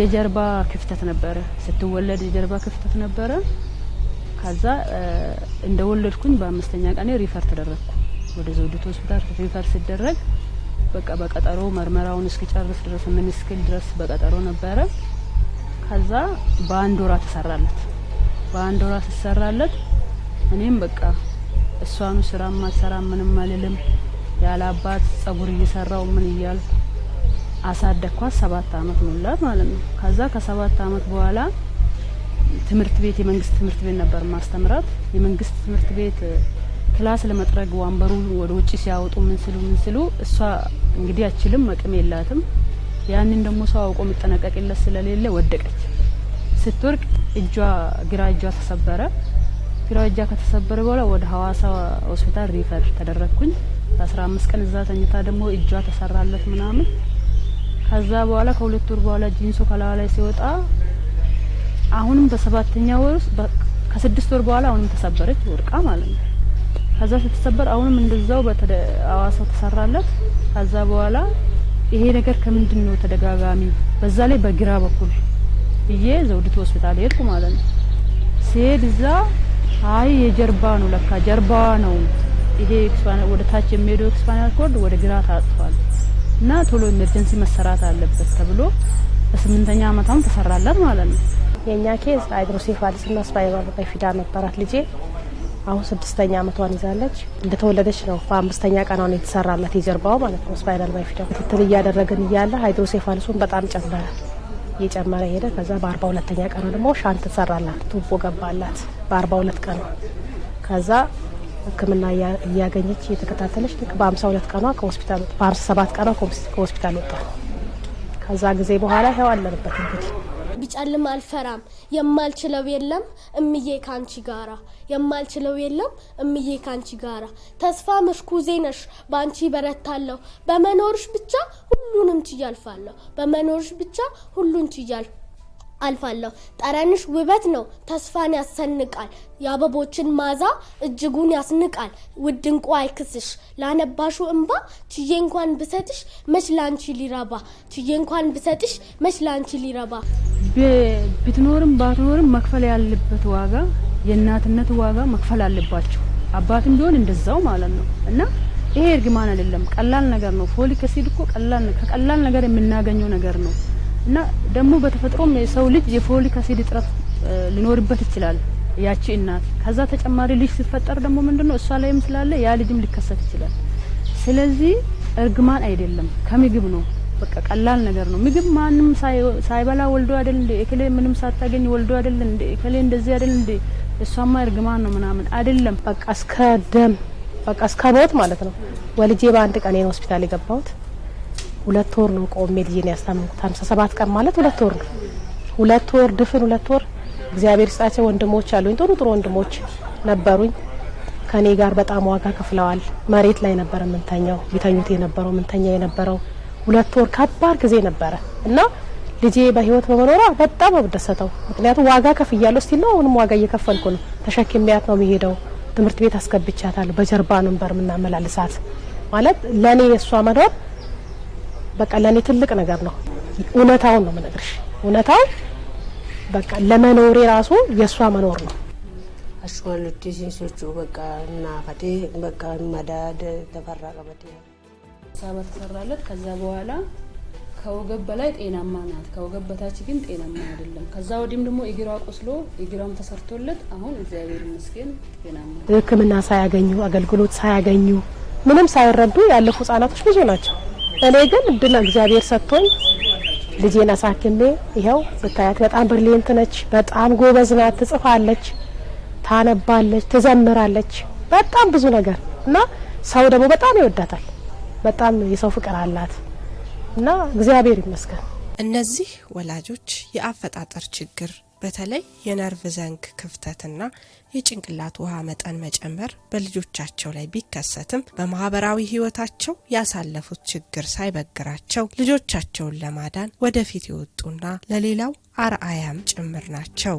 የጀርባ ክፍተት ነበረ። ስትወለድ የጀርባ ክፍተት ነበረ። ከዛ እንደወለድኩኝ በአምስተኛ ቀኔ ሪፈር ተደረግኩ ወደ ዘውዲቱ ሆስፒታል። ሪፈር ሲደረግ በቃ በቀጠሮ መርመራውን እስኪጨርስ ድረስ ምን እስክል ድረስ በቀጠሮ ነበረ። ከዛ በአንድ ወራ ተሰራለት። በአንድ ወራ ተሰራለት። እኔም በቃ እሷኑ ስራ ማሰራ ምንም አልልም ያለ አባት ጸጉር እየሰራው ምን እያልኩ አሳደግኳት። ሰባት አመት ሞላት ማለት ነው። ከዛ ከሰባት አመት በኋላ ትምህርት ቤት የመንግስት ትምህርት ቤት ነበር ማስተምራት። የመንግስት ትምህርት ቤት ክላስ ለመጥረግ ወንበሩ ወደ ውጭ ሲያወጡ ምን ስሉ ምን ስሉ እሷ እንግዲህ አችልም መቅም የላትም። ያንን ደግሞ ሰው አውቆ የሚጠነቀቅለት ስለሌለ ወደቀች። ስትወርቅ እጇ ግራ እጇ ተሰበረ። ግራ እጇ ከተሰበረ በኋላ ወደ ሀዋሳ ሆስፒታል ሪፈር ተደረግኩኝ። አስራ አምስት ቀን እዛ ተኝታ ደግሞ እጇ ተሰራለት ምናምን ከዛ በኋላ ከሁለት ወር በኋላ ጂንሱ ከላዋ ላይ ሲወጣ አሁንም በሰባተኛ ወር ውስጥ ከስድስት ወር በኋላ አሁንም ተሰበረች ወድቃ ማለት ነው። ከዛ ስትሰበር አሁንም እንደዛው በአዋሳው ተሰራለት። ከዛ በኋላ ይሄ ነገር ከምንድን ነው ተደጋጋሚ በዛ ላይ በግራ በኩል ብዬ ዘውዲቱ ሆስፒታል ሄድኩ ማለት ነው። ሲሄድ እዛ አይ የጀርባ ነው ለካ ጀርባዋ ነው ይሄ ወደ ታች የሚሄደው ኤክስፓናል ኮርድ ወደ ግራ ታጥፏል። እና ቶሎ ኤመርጀንሲ መሰራት አለበት ተብሎ በስምንተኛ አመታም ተሰራላት ማለት ነው። የእኛ ኬዝ ሃይድሮሴፋሊስ እና ስፓይራል ቢፊዳ ነበራት ልጄ። አሁን ስድስተኛ ዓመቷን ይዛለች። እንደተወለደች ነው በአምስተኛ ቀን አሁን የተሰራላት የጀርባው ማለት ነው። ስፓይራል ቢፊዳ ክትትል እያደረግን እያለ ሃይድሮሴፋሊሱን በጣም ጨመረ፣ እየጨመረ ሄደ። ከዛ በአርባ ሁለተኛ ቀኑ ደግሞ ሻንት ተሰራላት፣ ቱቦ ገባላት በአርባ ሁለት ቀኑ ከዛ ሕክምና እያገኘች እየተከታተለች ልክ በሀምሳ ሁለት ቀኗ ከሆስፒታል በሀምሳ ሰባት ቀኗ ከሆስፒታል ወጣ። ከዛ ጊዜ በኋላ ይኸው አለንበት እንግዲህ ቢጨልም አልፈራም፣ የማልችለው የለም እምዬ ካንቺ ጋራ፣ የማልችለው የለም እምዬ ካንቺ ጋራ። ተስፋ ምርኩዜ ነሽ፣ በአንቺ በረታለሁ። በመኖርሽ ብቻ ሁሉንም ችያልፋለሁ፣ በመኖርሽ ብቻ ሁሉን ችያልፋለሁ። አልፋለሁ። ጠረንሽ ውበት ነው፣ ተስፋን ያሰንቃል። የአበቦችን ማዛ እጅጉን ያስንቃል። ውድ እንቁ አይክስሽ ላነባሹ እንባ ችዬ እንኳን ብሰጥሽ መች ላንቺ ሊረባ ችዬ እንኳን ብሰጥሽ መች ላንቺ ሊረባ ብትኖርም ባትኖርም መክፈል ያለበት ዋጋ የእናትነት ዋጋ መክፈል አለባቸው። አባትም ቢሆን እንደዛው ማለት ነው እና ይሄ እርግማን አይደለም፣ ቀላል ነገር ነው። ፎሊክ አሲድ እኮ ከቀላል ነገር የምናገኘው ነገር ነው። እና ደግሞ በተፈጥሮም የሰው ልጅ የፎሊክ አሲድ እጥረት ሊኖርበት ይችላል ያቺ እናት። ከዛ ተጨማሪ ልጅ ሲፈጠር ደግሞ ምንድነው እሷ ላይም ስላለ ያ ልጅም ሊከሰት ይችላል። ስለዚህ እርግማን አይደለም ከምግብ ነው። በቃ ቀላል ነገር ነው። ምግብ ማንም ሳይበላ ወልዶ አይደል እንዴ? እከሌ ምንም ሳታገኝ ወልዶ አይደል እንዴ? እከሌ እንደዚህ አይደል እንዴ? እሷማ እርግማን ነው ምናምን አይደለም። በቃ እስከ ደም በቃ እስከ ሞት ማለት ነው። ወልጄ በአንድ ቀን ሆስፒታል የገባሁት። ሁለት ወር ነው ቆሜ ልጄን ያስታመምኩት። ሀምሳ ሰባት ቀን ማለት ሁለት ወር ነው። ሁለት ወር ድፍን ሁለት ወር እግዚአብሔር ይስጣቸው ወንድሞች አሉኝ። ጥሩ ጥሩ ወንድሞች ነበሩኝ ከኔ ጋር በጣም ዋጋ ከፍለዋል። መሬት ላይ ነበር የምንተኛው ቢተኙት የነበረው ምንተኛ የነበረው ሁለት ወር ከባድ ጊዜ ነበረ እና ልጄ በህይወት በመኖሯ በጣም አብደሰተው ምክንያቱም ዋጋ ከፍያለሁ ስቲል ነው። አሁንም ዋጋ እየከፈልኩ ነው። ተሸክሚያት ነው የሚሄደው ትምህርት ቤት አስገብቻታለሁ። በጀርባ ነው ነበር የምናመላልሳት ማለት ለእኔ የእሷ መኖር በቃ ለእኔ ትልቅ ነገር ነው። እውነታውን ነው የምነግርሽ። እውነታው በቃ ለመኖሬ ራሱ የእሷ መኖር ነው። አሽዋሉቲ ሲሶቹ በቃ እና ፈቴ በቃ መዳድ ተፈራ ቀበቴ ሳባ ተሰራለት። ከዛ በኋላ ከወገብ በላይ ጤናማ ናት፣ ከወገብ በታች ግን ጤናማ አይደለም። ከዛ ወዲህም ደግሞ እግሯ ቆስሎ እግሯም ተሰርቶለት አሁን እግዚአብሔር ይመስገን ጤናማ። ሕክምና ሳያገኙ አገልግሎት ሳያገኙ ምንም ሳይረዱ ያለፉ ህጻናቶች ብዙ ናቸው። እኔ ግን እድል እግዚአብሔር ሰጥቶኝ ልጄን አሳክሜ ይኸው ብታያት በጣም ብርሊንት ነች። በጣም ጎበዝ ናት። ትጽፋለች፣ ታነባለች፣ ትዘምራለች በጣም ብዙ ነገር እና ሰው ደግሞ በጣም ይወዳታል። በጣም የሰው ፍቅር አላት እና እግዚአብሔር ይመስገን። እነዚህ ወላጆች የአፈጣጠር ችግር በተለይ የነርቭ ዘንግ ክፍተትና የጭንቅላት ውሃ መጠን መጨመር በልጆቻቸው ላይ ቢከሰትም በማህበራዊ ሕይወታቸው ያሳለፉት ችግር ሳይበግራቸው ልጆቻቸውን ለማዳን ወደፊት የወጡና ለሌላው አርአያም ጭምር ናቸው።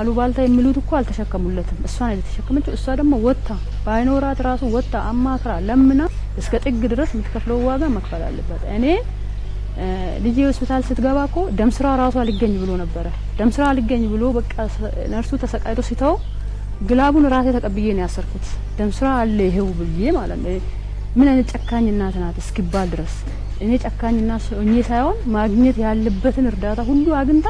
አሉባልታ የሚሉት እኮ አልተሸከሙለትም። እሷን የተሸከመችው። እሷ ደግሞ ወጥታ ባይኖራት ራሱ ወጥታ አማክራ ለምና እስከ ጥግ ድረስ የምትከፍለው ዋጋ መክፈል አለበት። እኔ ልጄ ሆስፒታል ስትገባ ኮ ደም ስራ ራሷ ሊገኝ ብሎ ነበረ። ደም ስራ ሊገኝ ብሎ በቃ ነርሱ ተሰቃይቶ ሲተው ግላቡን ራሴ ተቀብዬ ነው ያሰርኩት። ደም ስራ አለ ይሄው ብዬ ማለት ነው። ምን አይነት ጨካኝ እናት ናት እስኪባል ድረስ እኔ ጨካኝ እናት ሆኜ ሳይሆን ማግኘት ያለበትን እርዳታ ሁሉ አግኝታ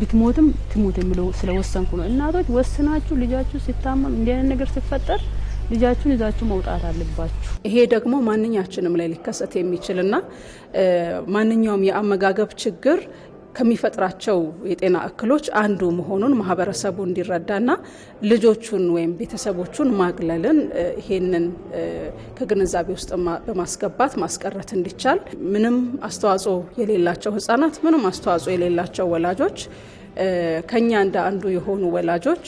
ብትሞትም ትሞት የሚለው ስለወሰንኩ ነው። እናቶች ወስናችሁ ልጃችሁ ሲታመም እንዲህ አይነት ነገር ሲፈጠር ልጃችሁን ይዛችሁ መውጣት አለባችሁ። ይሄ ደግሞ ማንኛችንም ላይ ሊከሰት የሚችልና ማንኛውም የአመጋገብ ችግር ከሚፈጥራቸው የጤና እክሎች አንዱ መሆኑን ማህበረሰቡ እንዲረዳና ልጆቹን ወይም ቤተሰቦቹን ማግለልን ይሄንን ከግንዛቤ ውስጥ በማስገባት ማስቀረት እንዲቻል ምንም አስተዋጽኦ የሌላቸው ህጻናት፣ ምንም አስተዋጽኦ የሌላቸው ወላጆች ከኛ እንደ አንዱ የሆኑ ወላጆች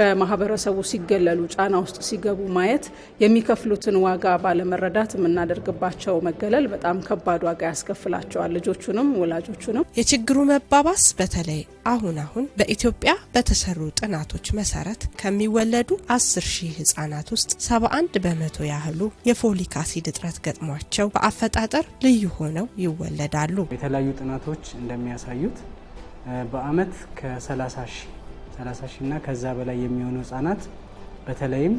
ከማህበረሰቡ ሲገለሉ ጫና ውስጥ ሲገቡ ማየት የሚከፍሉትን ዋጋ ባለመረዳት የምናደርግባቸው መገለል በጣም ከባድ ዋጋ ያስከፍላቸዋል ልጆቹንም ወላጆቹንም። የችግሩ መባባስ በተለይ አሁን አሁን በኢትዮጵያ በተሰሩ ጥናቶች መሰረት ከሚወለዱ 10 ሺህ ህጻናት ውስጥ 71 በመቶ ያህሉ የፎሊክ አሲድ እጥረት ገጥሟቸው በአፈጣጠር ልዩ ሆነው ይወለዳሉ። የተለያዩ ጥናቶች እንደሚያሳዩት በአመት ከ30 ሺህ 30 ሺህ እና ከዛ በላይ የሚሆኑ ህጻናት በተለይም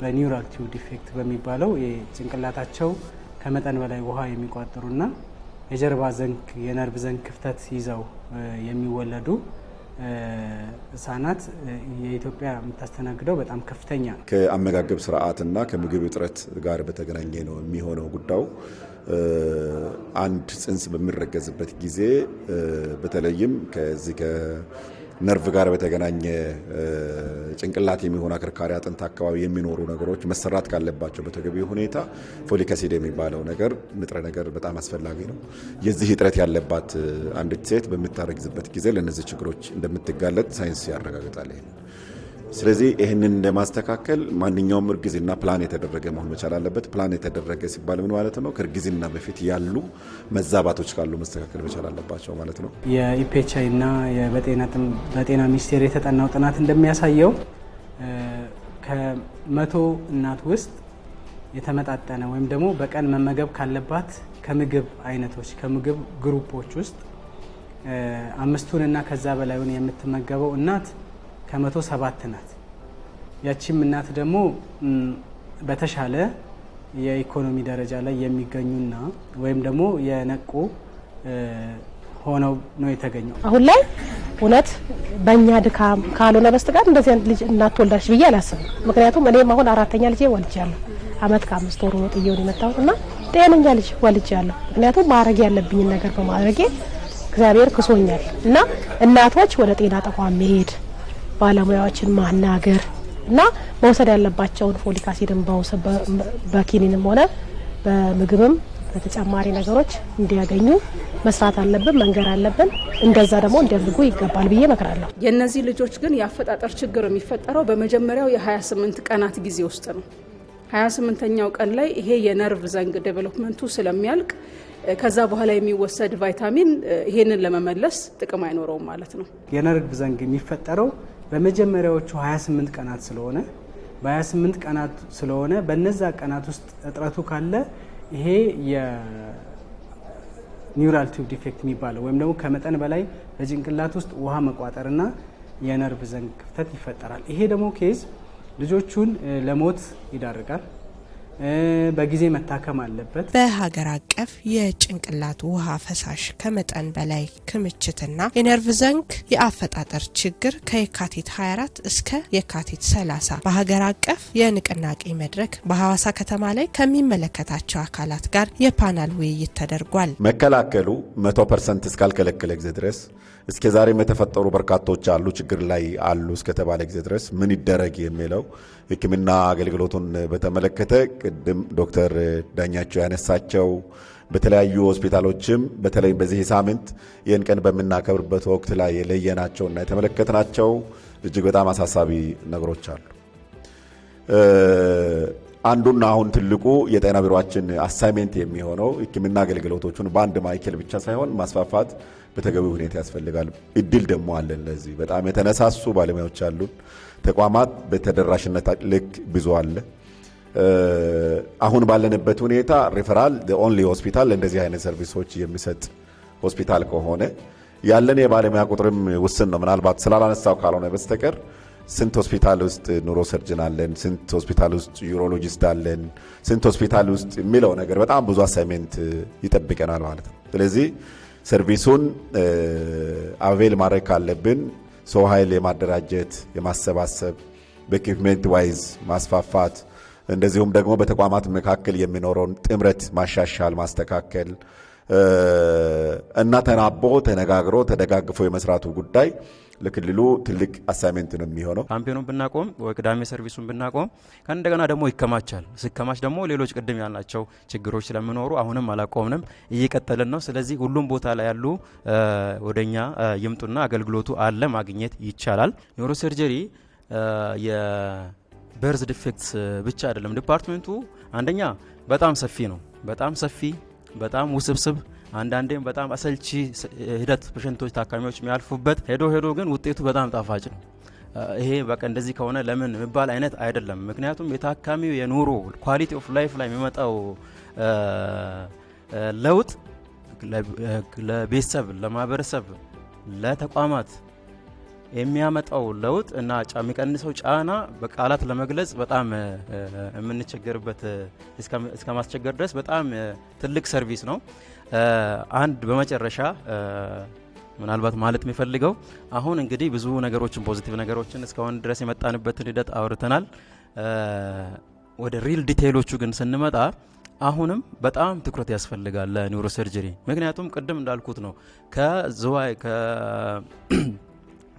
በኒውራል ቲዩብ ዲፌክት በሚባለው ጭንቅላታቸው ከመጠን በላይ ውሃ የሚቋጥሩና የጀርባ ዘንግ የነርቭ ዘንግ ክፍተት ይዘው የሚወለዱ ህጻናት የኢትዮጵያ የምታስተናግደው በጣም ከፍተኛ ነው። ከአመጋገብ ስርዓትና ከምግብ እጥረት ጋር በተገናኘ ነው የሚሆነው ጉዳዩ። አንድ ጽንስ በሚረገዝበት ጊዜ በተለይም ከዚህ ነርቭ ጋር በተገናኘ ጭንቅላት የሚሆን አከርካሪ አጥንት አካባቢ የሚኖሩ ነገሮች መሰራት ካለባቸው በተገቢ ሁኔታ ፎሊክ አሲድ የሚባለው ነገር ንጥረ ነገር በጣም አስፈላጊ ነው። የዚህ እጥረት ያለባት አንዲት ሴት በምታረግዝበት ጊዜ ለእነዚህ ችግሮች እንደምትጋለጥ ሳይንስ ያረጋግጣል። ስለዚህ ይህንን እንደማስተካከል ማንኛውም እርግዝና ፕላን የተደረገ መሆን መቻል አለበት። ፕላን የተደረገ ሲባል ምን ማለት ነው? ከእርግዝና በፊት ያሉ መዛባቶች ካሉ መስተካከል መቻል አለባቸው ማለት ነው። የኢፔቻይ እና በጤና ሚኒስቴር የተጠናው ጥናት እንደሚያሳየው ከመቶ እናት ውስጥ የተመጣጠነ ወይም ደግሞ በቀን መመገብ ካለባት ከምግብ አይነቶች ከምግብ ግሩፖች ውስጥ አምስቱን እና ከዛ በላይን የምትመገበው እናት ከመቶ ሰባት ናት። ያቺም እናት ደግሞ በተሻለ የኢኮኖሚ ደረጃ ላይ የሚገኙና ወይም ደግሞ የነቁ ሆነው ነው የተገኘው። አሁን ላይ እውነት በእኛ ድካም ካልሆነ በስተቀር እንደዚህ አይነት ልጅ እናት ወልዳች ብዬ አላስብም። ምክንያቱም እኔም አሁን አራተኛ ልጄ ወልጃለሁ። አመት ከአምስት ወሩ ነው ጥየውን የመጣሁት እና ጤነኛ ልጅ ወልጃለሁ። ምክንያቱም ማድረግ ያለብኝን ነገር በማድረጌ እግዚአብሔር ክሶኛል እና እናቶች ወደ ጤና ተቋም መሄድ ባለሙያዎችን ማናገር እና መውሰድ ያለባቸውን ፎሊክ አሲድን በኪኒንም ሆነ በምግብም በተጨማሪ ነገሮች እንዲያገኙ መስራት አለብን፣ መንገር አለብን። እንደዛ ደግሞ እንዲያድርጉ ይገባል ብዬ እመክራለሁ። የእነዚህ ልጆች ግን የአፈጣጠር ችግር የሚፈጠረው በመጀመሪያው የ28 ቀናት ጊዜ ውስጥ ነው። 28ኛው ቀን ላይ ይሄ የነርቭ ዘንግ ዴቨሎፕመንቱ ስለሚያልቅ ከዛ በኋላ የሚወሰድ ቫይታሚን ይሄንን ለመመለስ ጥቅም አይኖረውም ማለት ነው። የነርቭ ዘንግ የሚፈጠረው በመጀመሪያዎቹ 28 ቀናት ስለሆነ በ28 ቀናት ስለሆነ በነዛ ቀናት ውስጥ እጥረቱ ካለ ይሄ የኒውራል ቲዩብ ዲፌክት የሚባለው ወይም ደግሞ ከመጠን በላይ በጭንቅላት ውስጥ ውሃ መቋጠርና የነርቭ ዘንግ ክፍተት ይፈጠራል። ይሄ ደግሞ ኬዝ ልጆቹን ለሞት ይዳርጋል። በጊዜ መታከም አለበት። በሀገር አቀፍ የጭንቅላት ውሃ ፈሳሽ ከመጠን በላይ ክምችትና የነርቭ ዘንግ የአፈጣጠር ችግር ከየካቲት 24 እስከ የካቲት 30 በሀገር አቀፍ የንቅናቄ መድረክ በሐዋሳ ከተማ ላይ ከሚመለከታቸው አካላት ጋር የፓናል ውይይት ተደርጓል። መከላከሉ መቶ ፐርሰንት እስካልከለከለ ጊዜ ድረስ እስከ ዛሬም የተፈጠሩ በርካቶች አሉ፣ ችግር ላይ አሉ እስከተባለ ጊዜ ድረስ ምን ይደረግ የሚለው ሕክምና አገልግሎቱን በተመለከተ ቅድም ዶክተር ዳኛቸው ያነሳቸው በተለያዩ ሆስፒታሎችም በተለይም በዚህ ሳምንት ይህን ቀን በምናከብርበት ወቅት ላይ የለየናቸውና የተመለከትናቸው እጅግ በጣም አሳሳቢ ነገሮች አሉ። አንዱና አሁን ትልቁ የጤና ቢሮችን አሳይሜንት የሚሆነው ሕክምና አገልግሎቶቹን በአንድ ማዕከል ብቻ ሳይሆን ማስፋፋት በተገቢ ሁኔታ ያስፈልጋል። እድል ደግሞ አለን። ለዚህ በጣም የተነሳሱ ባለሙያዎች አሉን። ተቋማት በተደራሽነት ልክ ብዙ አለ። አሁን ባለንበት ሁኔታ ሪፈራል ኦንሊ ሆስፒታል እንደዚህ አይነት ሰርቪሶች የሚሰጥ ሆስፒታል ከሆነ ያለን የባለሙያ ቁጥርም ውስን ነው። ምናልባት ስላላነሳው ካልሆነ በስተቀር ስንት ሆስፒታል ውስጥ ኑሮ ሰርጅን አለን፣ ስንት ሆስፒታል ውስጥ ዩሮሎጂስት አለን፣ ስንት ሆስፒታል ውስጥ የሚለው ነገር በጣም ብዙ አሳይሜንት ይጠብቀናል ማለት ነው። ስለዚህ ሰርቪሱን አቬል ማድረግ ካለብን ሰው ኃይል የማደራጀት የማሰባሰብ፣ በኢኩፕመንት ዋይዝ ማስፋፋት፣ እንደዚሁም ደግሞ በተቋማት መካከል የሚኖረውን ጥምረት ማሻሻል፣ ማስተካከል እና ተናቦ ተነጋግሮ ተደጋግፎ የመስራቱ ጉዳይ ለክልሉ ትልቅ አሳይመንት ነው የሚሆነው። ካምፔኑን ብናቆም ወይ ቅዳሜ ሰርቪሱን ብናቆም ከእንደገና ደግሞ ይከማቻል። ሲከማች ደግሞ ሌሎች ቅድም ያልናቸው ችግሮች ስለሚኖሩ አሁንም አላቆምንም፣ እየቀጠልን ነው። ስለዚህ ሁሉም ቦታ ላይ ያሉ ወደኛ ይምጡና አገልግሎቱ አለ ማግኘት ይቻላል። ኒውሮ ሰርጀሪ የበርዝ ዲፌክትስ ብቻ አይደለም ዲፓርትመንቱ አንደኛ በጣም ሰፊ ነው፣ በጣም ሰፊ በጣም ውስብስብ አንዳንዴም በጣም አሰልቺ ሂደት ፔሸንቶች፣ ታካሚዎች የሚያልፉበት ሄዶ ሄዶ ግን ውጤቱ በጣም ጣፋጭ ነው። ይሄ በቃ እንደዚህ ከሆነ ለምን የሚባል አይነት አይደለም። ምክንያቱም የታካሚው የኑሮ ኳሊቲ ኦፍ ላይፍ ላይ የሚመጣው ለውጥ ለቤተሰብ፣ ለማህበረሰብ፣ ለተቋማት የሚያመጣው ለውጥ እና የሚቀንሰው ጫና በቃላት ለመግለጽ በጣም የምንቸገርበት እስከ ማስቸገር ድረስ በጣም ትልቅ ሰርቪስ ነው። አንድ በመጨረሻ ምናልባት ማለት የሚፈልገው አሁን እንግዲህ ብዙ ነገሮችን ፖዚቲቭ ነገሮችን እስካሁን ድረስ የመጣንበትን ሂደት አውርተናል። ወደ ሪል ዲቴይሎቹ ግን ስንመጣ አሁንም በጣም ትኩረት ያስፈልጋል ለኒውሮ ሰርጀሪ። ምክንያቱም ቅድም እንዳልኩት ነው ከዝዋይ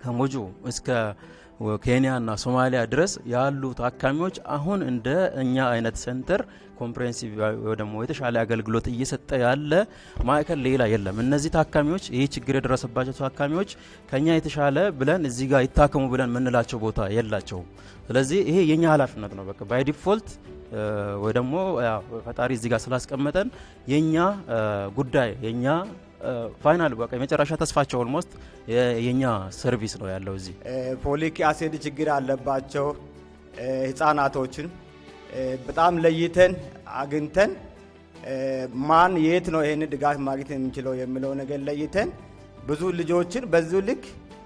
ከሞጆ እስከ ኬንያና ሶማሊያ ድረስ ያሉ ታካሚዎች አሁን እንደ እኛ አይነት ሴንተር ኮምፕሬንሲቭ ደግሞ የተሻለ አገልግሎት እየሰጠ ያለ ማዕከል ሌላ የለም። እነዚህ ታካሚዎች ይህ ችግር የደረሰባቸው ታካሚዎች ከኛ የተሻለ ብለን እዚህ ጋር ይታከሙ ብለን የምንላቸው ቦታ የላቸውም። ስለዚህ ይሄ የኛ ኃላፊነት ነው። በቃ ባይ ዲፎልት ወይ ደግሞ ፈጣሪ እዚህ ጋር ስላስቀመጠን የኛ ጉዳይ የኛ ፋይናል በቃ የመጨረሻ ተስፋቸው ኦልሞስት የኛ ሰርቪስ ነው ያለው። እዚህ ፎሊክ አሲድ ችግር አለባቸው ህጻናቶችን በጣም ለይተን አግኝተን ማን የት ነው ይህን ድጋፍ ማግኘት የምችለው የሚለው ነገር ለይተን ብዙ ልጆችን በዚሁ ልክ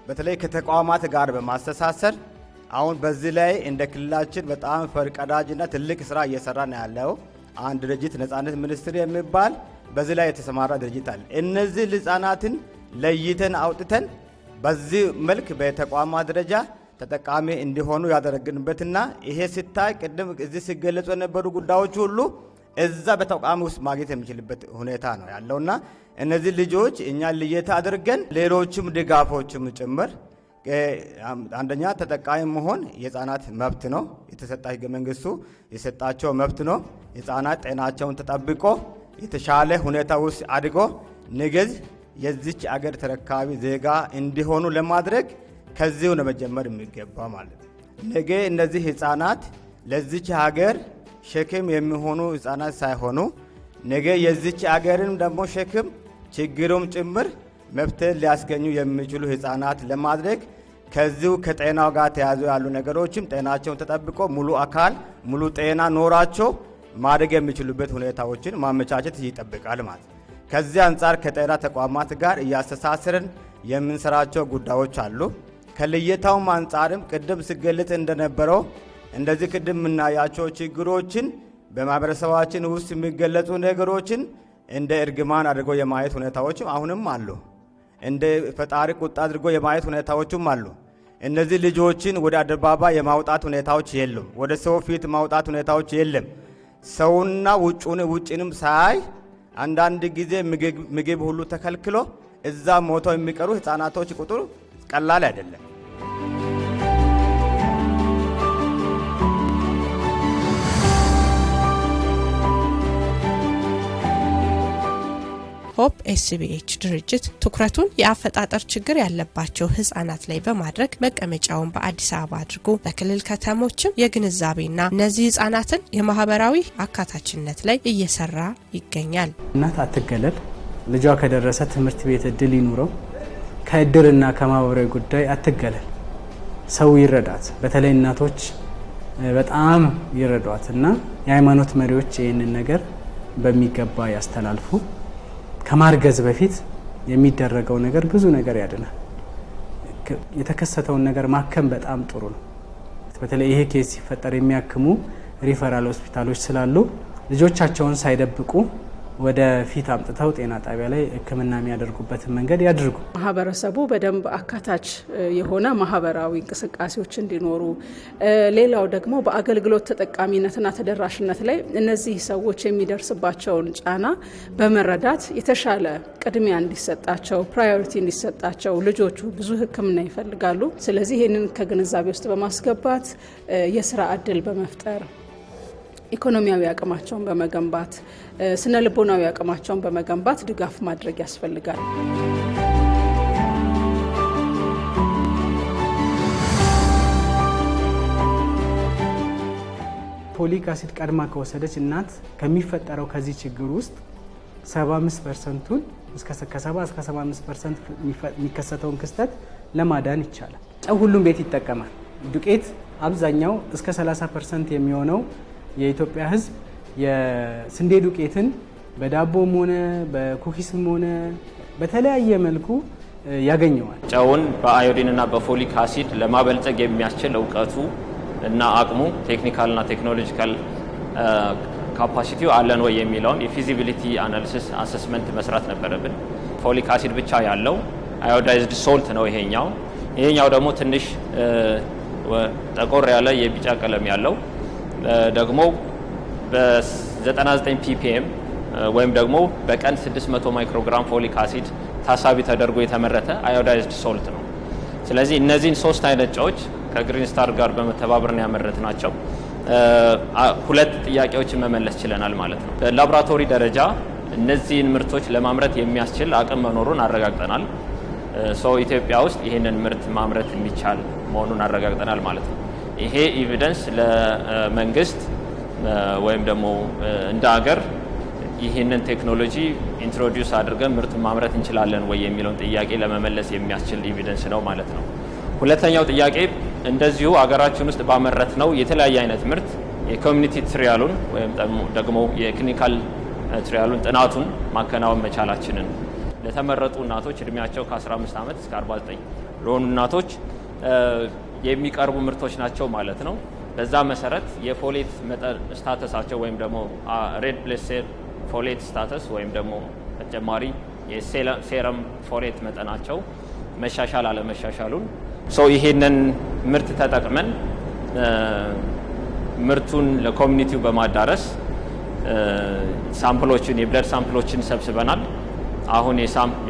በተለይ ከተቋማት ጋር በማስተሳሰር አሁን በዚህ ላይ እንደ ክልላችን በጣም ፈርቀዳጅና ትልቅ ስራ እየሰራ ነው ያለው አንድ ድርጅት ነጻነት ሚኒስቴር የሚባል በዚህ ላይ የተሰማራ ድርጅት አለ። እነዚህ ህጻናትን ለይተን አውጥተን በዚህ መልክ በተቋማት ደረጃ ተጠቃሚ እንዲሆኑ ያደረግንበትና ይሄ ሲታይ ቅድም እዚህ ሲገለጹ የነበሩ ጉዳዮች ሁሉ እዛ በተቋሚ ውስጥ ማግኘት የሚችልበት ሁኔታ ነው ያለውና እነዚህ ልጆች እኛ ልየት አድርገን ሌሎችም ድጋፎችም ጭምር አንደኛ ተጠቃሚ መሆን የህፃናት መብት ነው። የተሰጣ ህገ መንግስቱ የሰጣቸው መብት ነው። ህፃናት ጤናቸውን ተጠብቆ የተሻለ ሁኔታ ውስጥ አድጎ ንግዝ የዚች አገር ተረካቢ ዜጋ እንዲሆኑ ለማድረግ ከዚሁ ለመጀመር መጀመር የሚገባ ማለት ነገ እነዚህ ህፃናት ለዚች ሀገር ሸክም የሚሆኑ ህፃናት ሳይሆኑ ነገ የዚች አገርም ደግሞ ሸክም ችግሩም ጭምር መፍትሄ ሊያስገኙ የሚችሉ ህፃናት ለማድረግ ከዚሁ ከጤናው ጋር ተያይዞ ያሉ ነገሮችም ጤናቸውን ተጠብቆ ሙሉ አካል ሙሉ ጤና ኖራቸው ማደግ የሚችሉበት ሁኔታዎችን ማመቻቸት ይጠብቃል ማለት ነው። ከዚህ አንጻር ከጤና ተቋማት ጋር እያስተሳሰርን የምንሰራቸው ጉዳዮች አሉ። ከልየታውም አንጻርም ቅድም ስገለጽ እንደነበረው እንደዚህ ቅድም የምናያቸው ችግሮችን በማህበረሰባችን ውስጥ የሚገለጹ ነገሮችን እንደ እርግማን አድርጎ የማየት ሁኔታዎችም አሁንም አሉ። እንደ ፈጣሪ ቁጣ አድርጎ የማየት ሁኔታዎችም አሉ። እነዚህ ልጆችን ወደ አደባባይ የማውጣት ሁኔታዎች የሉም። ወደ ሰው ፊት ማውጣት ሁኔታዎች የለም። ሰውና ውጩን ውጭንም ሳይ አንዳንድ ጊዜ ምግብ ሁሉ ተከልክሎ እዛ ሞተው የሚቀሩ ህፃናቶች ቁጥር ቀላል አይደለም። ሆፕ ኤስቢኤች ድርጅት ትኩረቱን የአፈጣጠር ችግር ያለባቸው ህጻናት ላይ በማድረግ መቀመጫውን በአዲስ አበባ አድርጎ በክልል ከተሞችም የግንዛቤና እነዚህ ህጻናትን የማህበራዊ አካታችነት ላይ እየሰራ ይገኛል። እናት አትገለል፣ ልጇ ከደረሰ ትምህርት ቤት እድል ይኑረው፣ ከእድርና ከማህበራዊ ጉዳይ አትገለል፣ ሰው ይረዳት። በተለይ እናቶች በጣም ይረዷት እና የሃይማኖት መሪዎች ይህንን ነገር በሚገባ ያስተላልፉ። ከማርገዝ በፊት የሚደረገው ነገር ብዙ ነገር ያድናል። የተከሰተውን ነገር ማከም በጣም ጥሩ ነው። በተለይ ይሄ ኬስ ሲፈጠር የሚያክሙ ሪፈራል ሆስፒታሎች ስላሉ ልጆቻቸውን ሳይደብቁ ወደ ፊት አምጥተው ጤና ጣቢያ ላይ ሕክምና የሚያደርጉበትን መንገድ ያድርጉ። ማህበረሰቡ በደንብ አካታች የሆነ ማህበራዊ እንቅስቃሴዎች እንዲኖሩ፣ ሌላው ደግሞ በአገልግሎት ተጠቃሚነትና ተደራሽነት ላይ እነዚህ ሰዎች የሚደርስባቸውን ጫና በመረዳት የተሻለ ቅድሚያ እንዲሰጣቸው፣ ፕራዮሪቲ እንዲሰጣቸው፣ ልጆቹ ብዙ ሕክምና ይፈልጋሉ። ስለዚህ ይህንን ከግንዛቤ ውስጥ በማስገባት የስራ እድል በመፍጠር ኢኮኖሚያዊ አቅማቸውን በመገንባት ስነ ልቦናዊ አቅማቸውን በመገንባት ድጋፍ ማድረግ ያስፈልጋል። ፖሊክ አሲድ ቀድማ ከወሰደች እናት ከሚፈጠረው ከዚህ ችግር ውስጥ 75 ፐርሰንቱን 7 እስከ 75 ፐርሰንት የሚከሰተውን ክስተት ለማዳን ይቻላል። ሁሉም ቤት ይጠቀማል። ዱቄት አብዛኛው እስከ 30 ፐርሰንት የሚሆነው የኢትዮጵያ ህዝብ የስንዴ ዱቄትን በዳቦም ሆነ በኩኪስም ሆነ በተለያየ መልኩ ያገኘዋል። ጨውን በአዮዲንና በፎሊክ አሲድ ለማበልጸግ የሚያስችል እውቀቱ እና አቅሙ ቴክኒካልና ቴክኖሎጂካል ካፓሲቲው አለን ወይ የሚለውን የፊዚቢሊቲ አናሊሲስ አሰስመንት መስራት ነበረብን። ፎሊክ አሲድ ብቻ ያለው አዮዳይዝድ ሶልት ነው ይሄኛው። ይሄኛው ደግሞ ትንሽ ጠቆር ያለ የቢጫ ቀለም ያለው ደግሞ በ99 ፒፒኤም ወይም ደግሞ በቀን 600 ማይክሮግራም ፎሊክ አሲድ ታሳቢ ተደርጎ የተመረተ አዮዳይዝድ ሶልት ነው። ስለዚህ እነዚህን ሶስት አይነት ጨዎች ከግሪን ስታር ጋር በመተባበርን ያመረት ናቸው። ሁለት ጥያቄዎችን መመለስ ችለናል ማለት ነው። በላቦራቶሪ ደረጃ እነዚህን ምርቶች ለማምረት የሚያስችል አቅም መኖሩን አረጋግጠናል። ሰው ኢትዮጵያ ውስጥ ይህንን ምርት ማምረት የሚቻል መሆኑን አረጋግጠናል ማለት ነው። ይሄ ኤቪደንስ ለመንግስት ወይም ደግሞ እንደ ሀገር ይህንን ቴክኖሎጂ ኢንትሮዲውስ አድርገን ምርት ማምረት እንችላለን ወይ የሚለውን ጥያቄ ለመመለስ የሚያስችል ኤቪደንስ ነው ማለት ነው። ሁለተኛው ጥያቄ እንደዚሁ ሀገራችን ውስጥ ባመረት ነው የተለያየ አይነት ምርት የኮሚኒቲ ትሪያሉን ወይም ደግሞ የክሊኒካል ትሪያሉን ጥናቱን ማከናወን መቻላችንን ለተመረጡ እናቶች እድሜያቸው ከ15 ዓመት እስከ 49 ለሆኑ እናቶች የሚቀርቡ ምርቶች ናቸው ማለት ነው። በዛ መሰረት የፎሌት መጠን ስታተሳቸው ወይም ደግሞ ሬድ ብለድ ሴል ፎሌት ስታተስ ወይም ደግሞ ተጨማሪ የሴረም ፎሌት መጠናቸው መሻሻል አለመሻሻሉን ሶ ይሄንን ምርት ተጠቅመን ምርቱን ለኮሚኒቲው በማዳረስ ሳምፕሎችን የብለድ ሳምፕሎችን ሰብስበናል። አሁን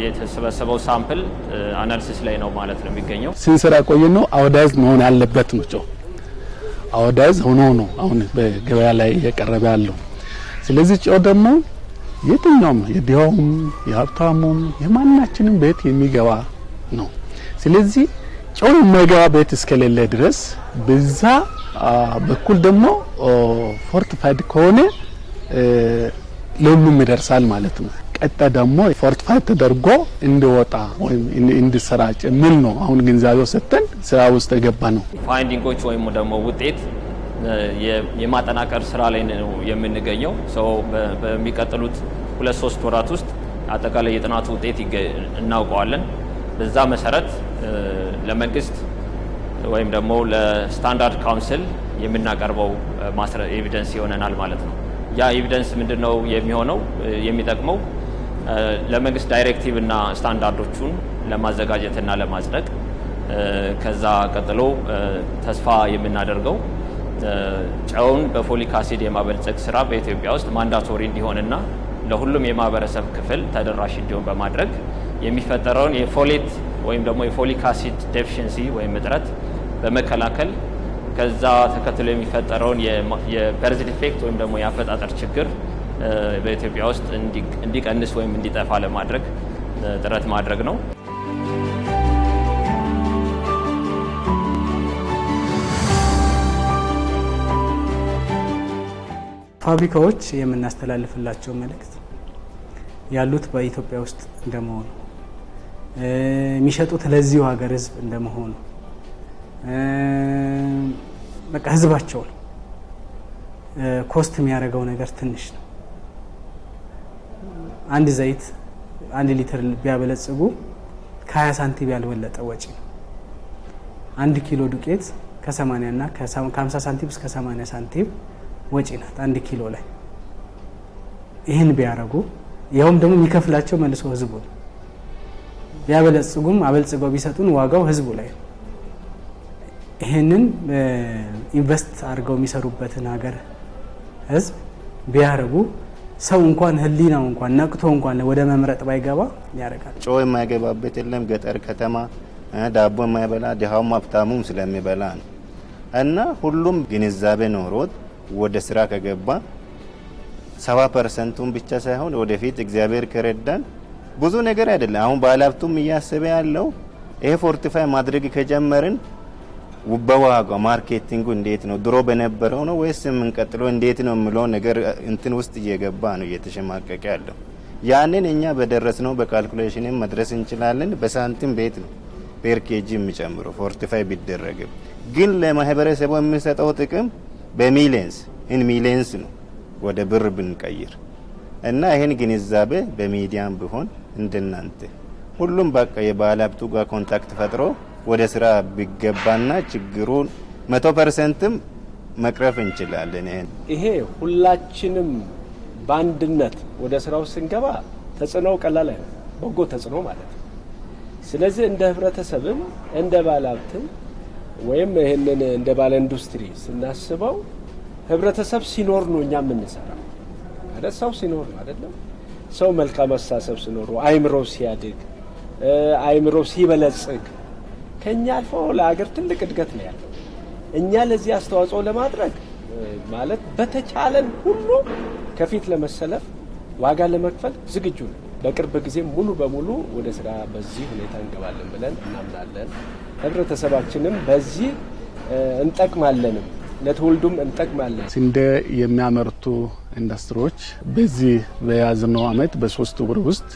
የተሰበሰበው ሳምፕል አናሊሲስ ላይ ነው ማለት ነው የሚገኘው። ስንሰራ ቆየ ነው አወዳዝ መሆን ያለበት ነው። አወዳዝ ሆኖ ነው አሁን በገበያ ላይ እየቀረበ ያለው። ስለዚህ ጨው ደግሞ የትኛውም የድሃውም የሀብታሙም የማናችንም ቤት የሚገባ ነው። ስለዚህ ጨው የማይገባ ቤት እስከሌለ ድረስ በዛ በኩል ደግሞ ፎርቲፋይድ ከሆነ ለሁሉም ይደርሳል ማለት ነው። ቀጠ ደግሞ ፎርቲፋይ ተደርጎ እንዲወጣ ወይም እንዲሰራጭ ምን ነው አሁን ግንዛቤው ሰጥተን ስራ ውስጥ የገባ ነው። ፋይንዲንጎች ወይም ደግሞ ውጤት የማጠናቀር ስራ ላይ ነው የምንገኘው። ሰው በሚቀጥሉት ሁለት ሶስት ወራት ውስጥ አጠቃላይ የጥናቱ ውጤት እናውቀዋለን። በዛ መሰረት ለመንግስት ወይም ደግሞ ለስታንዳርድ ካውንስል የምናቀርበው ኤቪደንስ ይሆነናል ማለት ነው። ያ ኤቪደንስ ምንድን ነው የሚሆነው የሚጠቅመው ለመንግስት ዳይሬክቲቭ እና ስታንዳርዶቹን ለማዘጋጀትና ለማጽደቅ ከዛ ቀጥሎ ተስፋ የምናደርገው ጨውን በፎሊክ አሲድ የማበልጸግ ስራ በኢትዮጵያ ውስጥ ማንዳቶሪ እንዲሆንና ለሁሉም የማህበረሰብ ክፍል ተደራሽ እንዲሆን በማድረግ የሚፈጠረውን የፎሌት ወይም ደግሞ የፎሊክ አሲድ ዴፊሽንሲ ወይም እጥረት በመከላከል ከዛ ተከትሎ የሚፈጠረውን የበርዝ ዲፌክት ወይም ደግሞ የአፈጣጠር ችግር በኢትዮጵያ ውስጥ እንዲቀንስ ወይም እንዲጠፋ ለማድረግ ጥረት ማድረግ ነው። ፋብሪካዎች የምናስተላልፍላቸው መልእክት ያሉት በኢትዮጵያ ውስጥ እንደመሆኑ የሚሸጡት ለዚሁ ሀገር ሕዝብ እንደመሆኑ በቃ ሕዝባቸው ነው። ኮስት የሚያደርገው ነገር ትንሽ ነው። አንድ ዘይት አንድ ሊትር ቢያበለጽጉ ከ20 ሳንቲም ያልበለጠ ወጪ ነው። አንድ ኪሎ ዱቄት ከ80 እና ከ50 ሳንቲም እስከ 80 ሳንቲም ወጪ ናት አንድ ኪሎ ላይ። ይህን ቢያደርጉ ያውም ደግሞ የሚከፍላቸው መልሶ ህዝቡ ነው። ቢያበለጽጉም አበልጽገው ቢሰጡን ዋጋው ህዝቡ ላይ ነው። ይህንን ኢንቨስት አድርገው የሚሰሩበትን ሀገር ህዝብ ቢያደርጉ ሰው እንኳን ህሊናው እንኳን ነቅቶ እንኳን ወደ መምረጥ ባይገባ ያደርጋል። ጮ የማይገባበት የለም። ገጠር ከተማ ዳቦ የማይበላ ድሃውም ሀብታሙም ስለሚበላ ነው። እና ሁሉም ግንዛቤ ኖሮት ወደ ስራ ከገባ ሰባ ፐርሰንቱን ብቻ ሳይሆን ወደፊት እግዚአብሔር ከረዳን ብዙ ነገር አይደለም። አሁን ባለሀብቱም እያሰበ ያለው ይሄ ፎርቲፋይ ማድረግ ከጀመርን በዋጋ ማርኬቲንጉ እንዴት ነው? ድሮ በነበረው ነው ወይስ የምንቀጥለው እንዴት ነው የምለው ነገር እንትን ውስጥ እየገባ ነው እየተሸማቀቀ ያለው። ያንን እኛ በደረስ ነው በካልኩሌሽንም መድረስ እንችላለን። በሳንቲም ቤት ነው ፔር ኬጂ የሚጨምሩ ፎርቲፋይ ቢደረግም ግን ለማህበረሰቡ የሚሰጠው ጥቅም በሚሊየንስ ኢን ሚሊየንስ ነው ወደ ብር ብንቀይር እና ይህን ግንዛቤ በሚዲያም ቢሆን እንደናንተ ሁሉም በቃ የባለ ሀብቱ ጋር ኮንታክት ፈጥሮ ወደ ስራ ቢገባና ችግሩን መቶ ፐርሰንትም መቅረፍ እንችላለን። ይሄ ሁላችንም በአንድነት ወደ ስራው ስንገባ ተጽዕኖው ቀላል አይነት በጎ ተጽዕኖ ማለት ነው። ስለዚህ እንደ ህብረተሰብም እንደ ባለ ሀብትም ወይም ይህንን እንደ ባለ ኢንዱስትሪ ስናስበው ህብረተሰብ ሲኖር ነው እኛ የምንሰራው አለ ሰው ሲኖር ነው አይደለም። ሰው መልካም አስተሳሰብ ሲኖሩ አይምሮ ሲያድግ አይምሮ ሲበለጽግ ከኛ አልፎ ለሀገር ትልቅ እድገት ነው ያለው። እኛ ለዚህ አስተዋጽኦ ለማድረግ ማለት በተቻለን ሁሉ ከፊት ለመሰለፍ ዋጋ ለመክፈል ዝግጁ ነው። በቅርብ ጊዜ ሙሉ በሙሉ ወደ ስራ በዚህ ሁኔታ እንገባለን ብለን እናምናለን። ህብረተሰባችንም በዚህ እንጠቅማለንም ለትውልዱም እንጠቅማለን። ስንዴ የሚያመርቱ ኢንዱስትሪዎች በዚህ በያዝነው አመት በሶስት ወር ውስጥ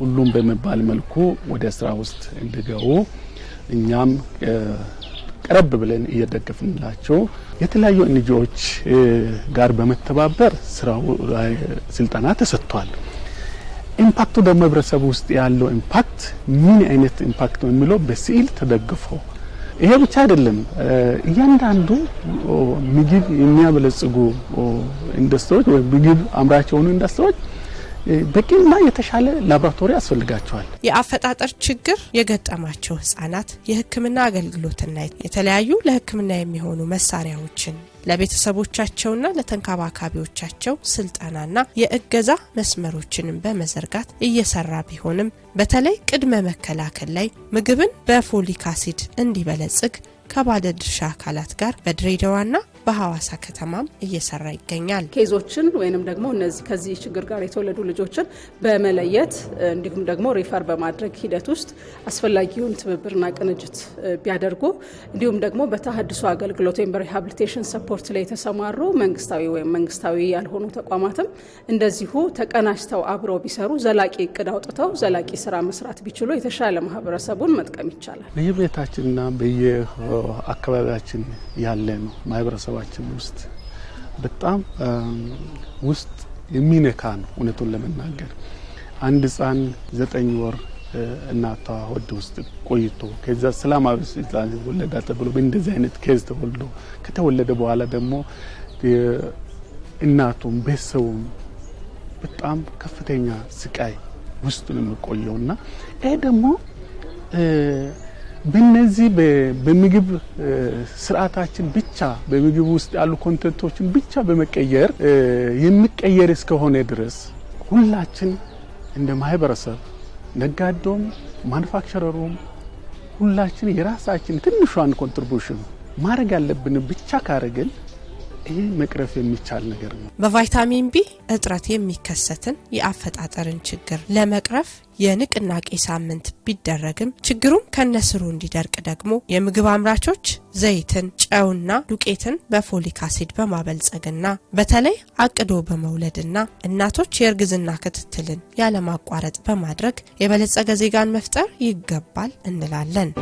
ሁሉም በመባል መልኩ ወደ ስራ ውስጥ እንዲገቡ እኛም ቀረብ ብለን እየደገፍንላቸው የተለያዩ እንጂዎች ጋር በመተባበር ስራው ስልጠና ተሰጥቷል። ኢምፓክቱ ደግሞ ህብረተሰቡ ውስጥ ያለው ኢምፓክት ምን አይነት ኢምፓክት ነው የሚለው በስዕል ተደግፎ ይሄ ብቻ አይደለም። እያንዳንዱ ምግብ የሚያበለጽጉ ኢንዱስትሪዎች ወይም ምግብ አምራች የሆኑ ኢንዱስትሪዎች በቂና የተሻለ ላቦራቶሪ ያስፈልጋቸዋል። የአፈጣጠር ችግር የገጠማቸው ህጻናት የህክምና አገልግሎትና የተለያዩ ለህክምና የሚሆኑ መሳሪያዎችን ለቤተሰቦቻቸውና ለተንከባካቢዎቻቸው ስልጠናና የእገዛ መስመሮችንም በመዘርጋት እየሰራ ቢሆንም በተለይ ቅድመ መከላከል ላይ ምግብን በፎሊክ አሲድ እንዲበለጽግ ከባለድርሻ አካላት ጋር በድሬዳዋና በሐዋሳ ከተማም እየሰራ ይገኛል። ኬዞችን ወይንም ደግሞ እነዚህ ከዚህ ችግር ጋር የተወለዱ ልጆችን በመለየት እንዲሁም ደግሞ ሪፈር በማድረግ ሂደት ውስጥ አስፈላጊውን ትብብርና ቅንጅት ቢያደርጉ እንዲሁም ደግሞ በተሀድሶ አገልግሎት ወይም በሪሃብሊቴሽን ሰፖርት ላይ የተሰማሩ መንግስታዊ ወይም መንግስታዊ ያልሆኑ ተቋማትም እንደዚሁ ተቀናጅተው አብረው ቢሰሩ ዘላቂ እቅድ አውጥተው ዘላቂ ስራ መስራት ቢችሉ የተሻለ ማህበረሰቡን መጥቀም ይቻላል። በየቤታችንና በየአካባቢያችን ያለ ነው ማህበረሰቡ በማህበረሰባችን ውስጥ በጣም ውስጥ የሚነካ ነው። እውነቱን ለመናገር አንድ ህፃን ዘጠኝ ወር እናቷ ወድ ውስጥ ቆይቶ ከዛ ሰላማዊ ህፃን ወለዳ ተብሎ በእንደዚህ አይነት ኬዝ ተወልዶ ከተወለደ በኋላ ደግሞ እናቱም ቤተሰቡም በጣም ከፍተኛ ስቃይ ውስጥ ነው የሚቆየውና ይህ ደግሞ በነዚህ በምግብ ስርዓታችን ብቻ በምግብ ውስጥ ያሉ ኮንተንቶችን ብቻ በመቀየር የሚቀየር እስከሆነ ድረስ ሁላችን እንደ ማህበረሰብ ነጋዴውም፣ ማኑፋክቸረሩም ሁላችን የራሳችን ትንሿን ኮንትሪቡሽን ማድረግ ያለብን ብቻ ካረግን ይህ መቅረፍ የሚቻል ነገር ነው። በቫይታሚን ቢ እጥረት የሚከሰትን የአፈጣጠርን ችግር ለመቅረፍ የንቅናቄ ሳምንት ቢደረግም ችግሩም ከነስሩ እንዲደርቅ ደግሞ የምግብ አምራቾች ዘይትን፣ ጨውና ዱቄትን በፎሊክ አሲድ በማበልጸግና በተለይ አቅዶ በመውለድና እናቶች የእርግዝና ክትትልን ያለማቋረጥ በማድረግ የበለጸገ ዜጋን መፍጠር ይገባል እንላለን።